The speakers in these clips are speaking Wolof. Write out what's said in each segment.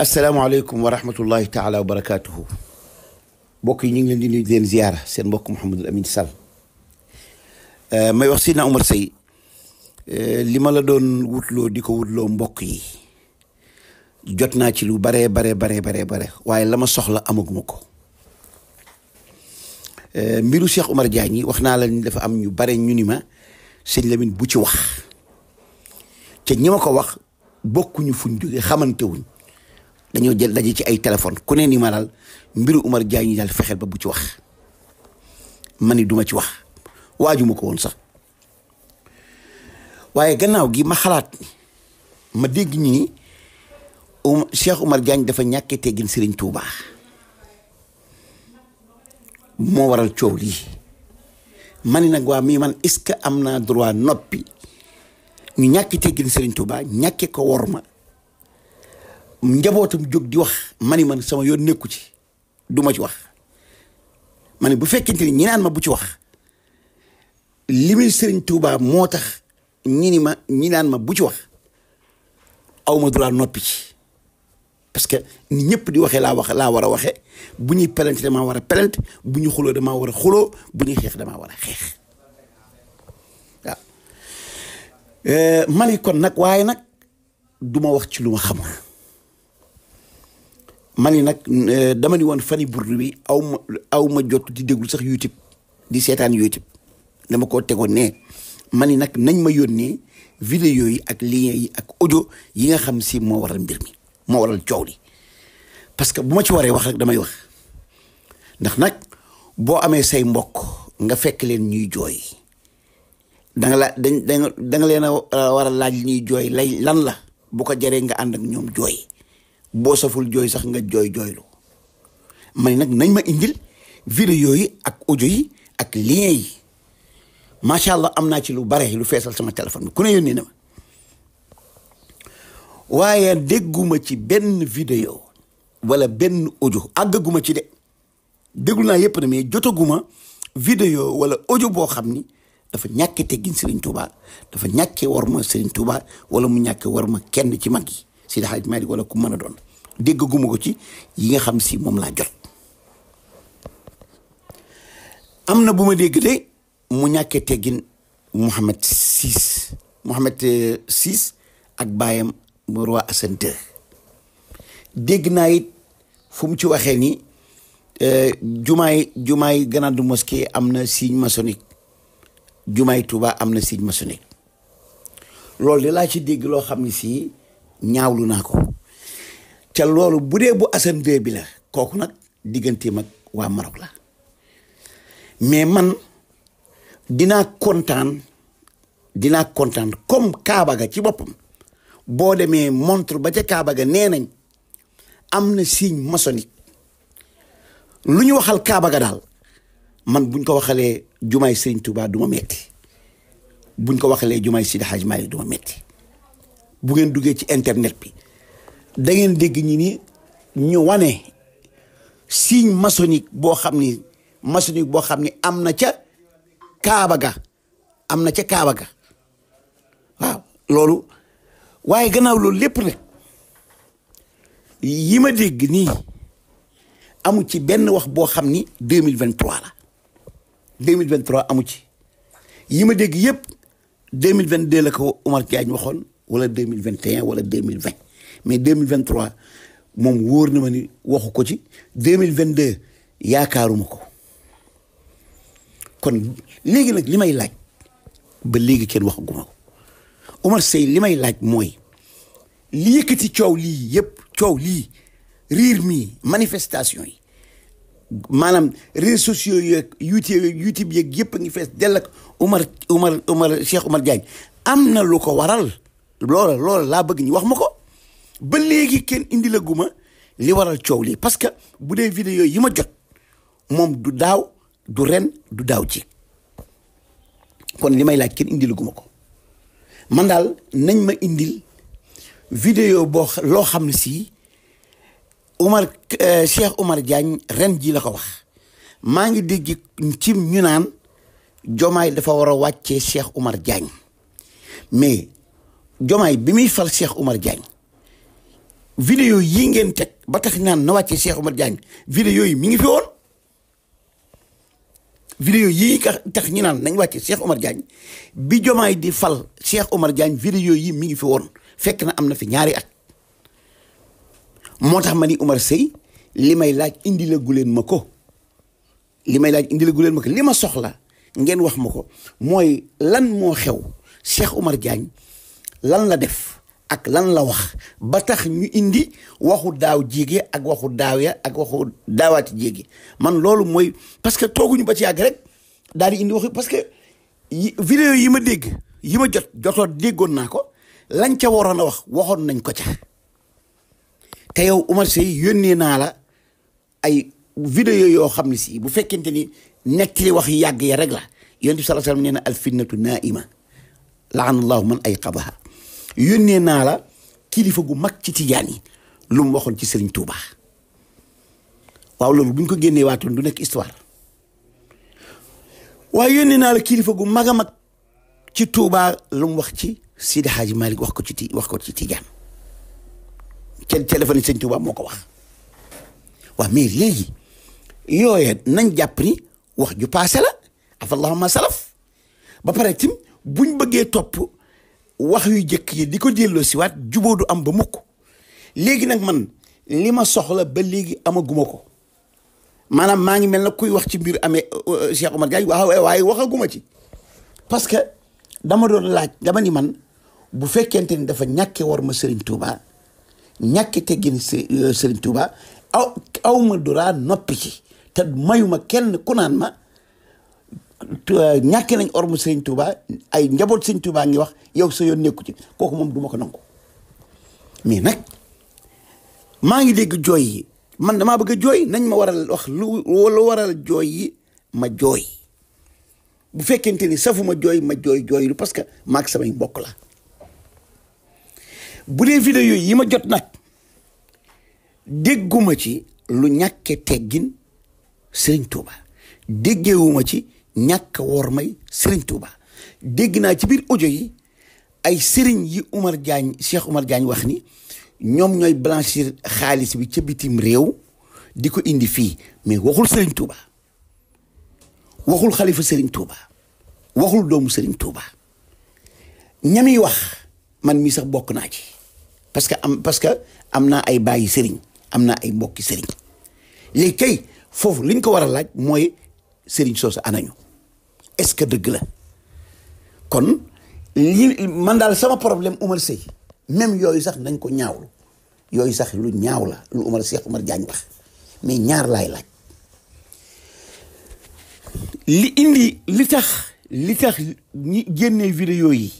asalaamaaleykum wa rahmatullahi taala wa barakaatuhu mbokk yi ñu ngi leen di nuyu di leen ziyaara seen mbokk Mouhamadul Amine Sall euh, may wax Sidna Omar Seye euh, li ma la doon wutloo di ko wutloo mbokk yi jot naa ci lu baree baree baree baree bare waaye la ma soxla amaguma ko euh, mbiru Cheikh Omar Diagne yi wax naa la ni dafa am ñu bare ñu ni ma sëñ Lamine bu ci wax te ñi ma ko wax bokkuñu fuñ jógee xamante wuñ dañoo jël daje ci ay téléphone ku ne ni ma daal mbiru Umar Jaay ñi daal fexeel ba bu ci wax mani duma ci wax waajuma ko woon sax waaye gannaaw gi ma xalaat ma dégg ñu ni um Cheikh Umar Diagne dafa ñàkkee teggin sëriñ Touba moo waral coow lii ma ni nag waa mii man est am naa droit noppi ñu ñàkkee teggin sëriñ Touba ñàkkee ko wor njabootam jóg di wax mani man sama yoon nekku ci du ma ci wax ma ne bu fekkente ni ñi ma bu ci wax li muy sëriñ Tuubaa moo tax ñi ma ñi ma bu ci wax aw ma droit noppi ci parce que ni ñëpp di waxee laa wax laa war a waxee bu ñuy pelante damaa war a pelante bu ñu xuloo damaa war a xuloo bu ñuy xeex damaa war a xeex waaw euh, mani kon nag waaye nag duma wax ci lu ma xamul ma yi nag euh, dama ni woon fani burdu bi aw ma aw ma jot di déglu sax youtube di seetaan youtube dama ko tegoon ne ma ni nag nañ ma yónnee vidéo yi ak lien yi ak audio yi nga xam si moo waral mbir mi moo waral coow li parce que bu ma ci waree wax rek damay wax ndax nag boo amee say mbokk nga fekk leen ñuy jooy danga nga la dañ da nga leen a war a laaj ñuy jooy lay lan la bu ko jaree nga ànd ak ñoom jooy boo saful jooy sax nga jooy jooylu man nag nañ ma indil vidéo yi ak audio yi ak lien yi macha allah am naa ci lu bare lu feesal sama téléphone bi ku ne yónnee na ma waaye dégguma ci benn vidéo wala benn audio àggaguma ci de déglu naa yëpp na jotaguma vidéo wala ojo boo xam ni dafa ñàkke teggin Serigne Touba dafa ñàkke war ma Serigne Touba wala mu ñàkke war ma kenn ci mag yi Seydi Hadj Malick wala ku mën a doon déggaguma ko ci yi nga xam si moom laa jot am na bu ma dégg de mu ñàkkee teggin Mouhamed Siis Mouhamed Siis euh, ak baayam mu roi Hassan dégg naa it fu mu ci waxee ni euh, jumaay jumaay Grande Mosquée am na signe maçonnique jumaay Touba am na signe maçonnique loolu de laa ci dégg loo xam ne sii ñaawlu naa ko ca loolu bu dee bu assemblée bi la kooku nag digganteem mag waa Maroc la mais man dinaa kontaan dinaa kontaan comme Kaaba ga ci boppam boo demee montre ba ca Kaaba ga nee nañ am na signe maçonnique lu ñu waxal Kaaba ga daal man buñ ko waxalee jumaay Serigne Touba du ma metti buñ ko waxalee jumaay Sidi Hadj Malick du ma metti bu ngeen duggee ci internet bi dangeen dégg ñi ni ñu wane signe maçonnique boo xam ni maçonnique boo xam ni am na ca kaabaga am na ca Kaaba ga waaw loolu waaye gannaaw loolu lépp nag yi ma dégg nii amu ci benn wax boo xam ni deux mille vingt trois la deux mille vingt trois amu ci yi ma dégg yëpp deux mille vingt deux la ko Omar Diagne waxoon. wala deux mille vingt et un wala deux mille mais deux mille vingt trois moom wóor na ma ni waxu ko ci deux mille vingt deux yaakaaruma ko kon léegi nag li may laaj ba léegi kenn waxaguma ko Umar Seye li may laaj mooy li yëkkati coow lii yëpp coow lii riir mi manifestation yi maanaam réseaux sociaux yeeg YouTube YouTube yeeg yëpp a ngi fees dell ak Umar Umar Umar Cheikh Umar Diagne am na lu ko waral loola loola laa bëgg ñu wax ma ko ba léegi kenn indilaguma li waral coow lii parce que bu dee vidéo yi ma jot moom du daaw du ren du daaw ci kon li may laaj kenn indi la ko man daal nañ ma indil vidéo boo loo xam ne si Omar euh, Cheikh Omar Diagne ren ji la ko wax maa ngi di dégg ci ñu naan Jomaay dafa war a wàccee Cheikh Omar Diagne mais jomaay bi muy fal Cheikh Oumar Diagne vidéo yi ngeen teg ba tax naan na wàccee Cheikh Oumar Diagne vidéo yi mi ngi fi woon vidéo yii tax ñu naan nañ wàccee Cheikh Oumar Diagne bi jomaay di fal Cheikh Oumar Diagne vidéo yi mi ngi fi woon fekk na am na fi ñaari at moo tax ma ni Oumar Seye li may laaj indi la guleen ma ko li may laaj indi la guleen ma ko li ma soxla ngeen wax ma ko mooy lan moo xew Cheikh Oumar Diagne lan la def ak lan la wax ba tax ñu indi waxu daaw jéege ak waxu daaw ya ak waxu daawaati jéege man loolu mooy parce que tooguñu ba ci yàgg rek daal di indi waxu parce que vidéo yi ma dégg yi ma jot jotoo déggoon naa ko lañ ca waroon a wax waxoon nañ ko ca te yow Umar Seye yónnee naa la ay vidéo yoo xam ne si bu fekkente ni nettali wax yàgg ya rek la yonent bi sallallahu alayhi wa sallam nee na al fitnatu naa'ima laana man ay qabaha yónnee naa la kilifa gu mag ci tijaan yi lu mu waxoon ci Serigne Touba waaw loolu bu ñu ko génnee waatoon du nekk histoire waaye yónnee naa la kilifa gu mag a mag ci Touba lu wax ci Sidi Hadji Malick wax ko ci ti ci tijaan kenn téléphone yi Serigne moo ko wax waaw mais léegi yooye nañ jàpp ni wax ju paase la af allahuma salaf ba pare tim buñ bëggee topp wax yu jëkk yi di ko delloo siwaat juboo du am ba mukk léegi nag man li ma soxla ba léegi amaguma ko maanaam maa ngi mel na kuy wax ci mbir amee euh, euh, Cheikh Omar Diagne waaw waaye waxaguma ci parce que dama doon laaj dama ni man bu fekkente ni dafa ñàkke war ma Serigne Touba ñàkke teggin euh, Serigne Touba aw aw ma duraa noppi ci te mayu ma kenn ku naan ma Euh, ñàkke nañ ormu sëriñ Touba ay njaboot sëriñ Touba ngi wax yow sa yoon nekku ci kooku moom du ma ko nangu mais nag maa ngi dégg jooy yi man damaa bëgg a jooy nañ ma waral wax lu lu waral jooy yi ma jooy bu fekkente ni safuma jooy ma jooy jooylu parce que maag samay mbokk la bu dee vidéo yi ma jot nag dégguma ci lu ñàkke teggin sëriñ Touba déggewuma ci ñàkk woor may sëriñ Touba dégg naa ci biir ojo yi ay Serigne yi Umar Diagne Cheikh Umar Diagne wax ni ñoom ñooy blanchir xaalis bi ca bitim réew di ko indi fii mais waxul Serigne Touba waxul xalifa Serigne Touba waxul doomu Serigne Touba ñami wax man mii sax bokk naa ci parce que am parce que am naa ay bàyyi sëriñ am naa ay mbokki Serigne léegi kay foofu liñ ko war a laaj mooy Serigne soosu anañu est-ce que dëgg la kon li man daal sama problème Umar Sey même yooyu sax nañ ko ñaawlu yooyu sax lu ñaaw la lu Umar Cheikh Umar Diagne wax mais ñaar laay laaj li indi li tax li tax ñi génnee vidéo yi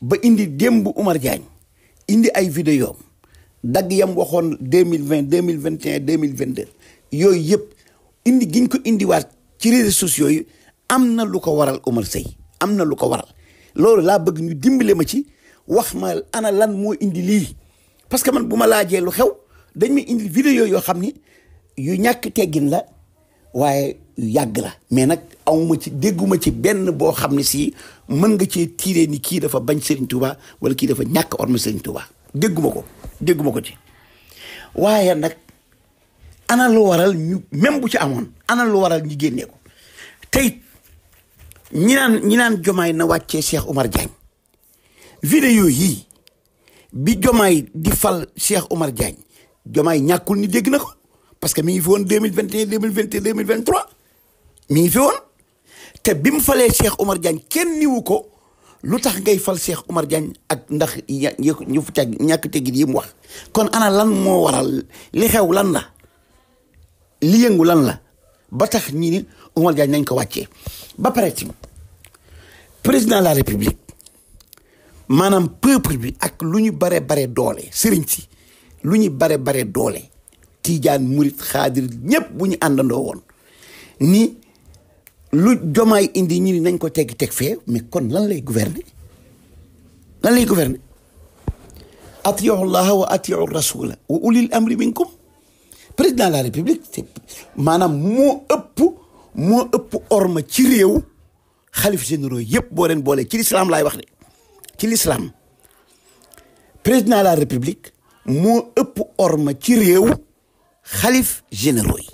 ba indi démb Umar Diagne indi ay vidéo dagg yam waxoon deux mille vingt deux mille vingt et deux mille vingt deux yooyu yëpp indi giñ ko indiwaat ci réseaux sociaux am na lu ko waral Omar Seye am na lu ko waral loolu laa bëgg ñu dimbale ma ci wax ma anal lan moo indi lii parce que man bu ma laa jee lu xew dañ may indi vidéo yoo xam ni yu ñàkk teggin la waaye yàgg la mais nag awma ci dégguma ci benn boo xam ne si mën nga cee tiiree ni kii dafa bañ Serigne wala kii dafa ñàkk orma Serigne Touba dégguma ko dégguma ko ci waaye nag ana lu waral ñu même bu ci amoon anal lu waral ñu génnee ko tey ñi naan ñi naan jomaay na wàccee Cheikh Oumar Diagne vidéo yii bi jomaay di fal Cheikh Oumar Diagne jomaay ñàkkul ni dégg na ko parce que mi ngi fi woon deux mille vingt et un deux mille vingt et un deux mi ngi fi te bi mu falee Cheikh Oumar Diagne kenn niwu ko lu tax ngay fal Cheikh Oumar Diagne ak ndax ñu fu cag ñàkk teggin yi mu wax kon ana lan moo waral li xew lan la li yëngu lan la ba tax ñi ni Oumar Diagne nañ ko wàccee ba pare ci président la république maanaam peuple bi ak lu ñu bare bare doole sëriñ si lu ñu bare bare doole tiijaan murit xaadir ñépp bu ñu àndandoo woon ni lu jomaay indi ñi ni nañ ko teggi teg fee mais kon lan lay gouverner lan lay gouverner atiiu llaha wa atiiu rasula wa ulil amri minkum président de la république maanaam moo ëpp moo ëpp orma ci réew xalif généraux yëpp boo leen boolee ci lislaam laay wax de ci lislaam président de la république moo ëpp orma ci réew xalif généraux yi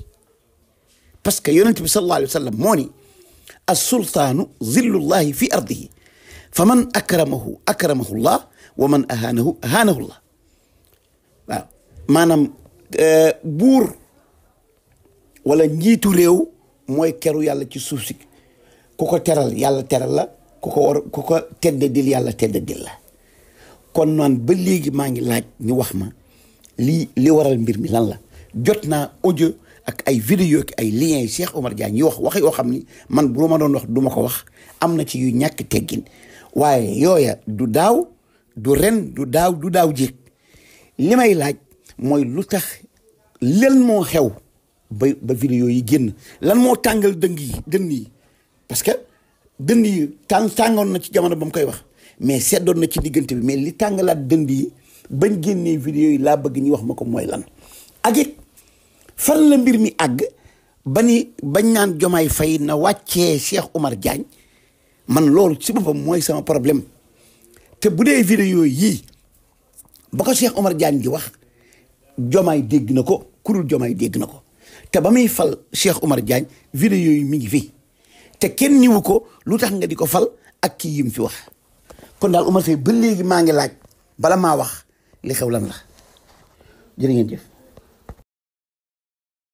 parce que yonent bi sallallahu alayhi wa sallam moo ni assultaanu zillullahi fi ardihi fa man akramahu akramahu llah wa man ahaanahu ahaanahu llah waaw maanaam euh, buur wala njiitu réew mooy keru yàlla ci suuf si ku ko teral yàlla teral la ku ko war ku ko tedd dil yàlla tedd dil la kon naan ba léegi maa ngi laaj ñu wax ma lii li waral mbir mi lan la jot naa audio ak ay vidéo ak ay liens yi Cheikh Omar Diagne yi wax wax yoo xam ni man bu ma doon wax du ma ko wax am na ci yu ñàkk teggin waaye yooya du daaw du ren du daaw du daaw jéeg limay laaj mooy lu tax len moo xew ba ba vidéo yi génn lan moo tàngal dëng yi dënn yi parce que dënd yi tàng tàngoon na ci jamono ba mu koy wax mais seddoon na ci diggante bi mais li tàngalaat dënd yi bañ génnee vidéo yi laa bëgg ñu wax ma ko mooy lan ak it fan la mbir mi àgg ba ni bañ naan jomaay fay na wàccee Cheikh Oumar Diagne man loolu ci boppam mooy sama problème te bu dee vidéo yii ba ko Cheikh Oumar Diagne di wax jomaay dégg na ko kurul jomaay dégg na ko te ba muy fal Cheikh Omar Diagne vidéo yooyu mi ngi fi te kenn niwu ko lu tax nga di ko fal ak kii yim fi wax kon daal Omar Seye ba léegi maa ngi laaj bala maa wax li xew lan la jërë ngeen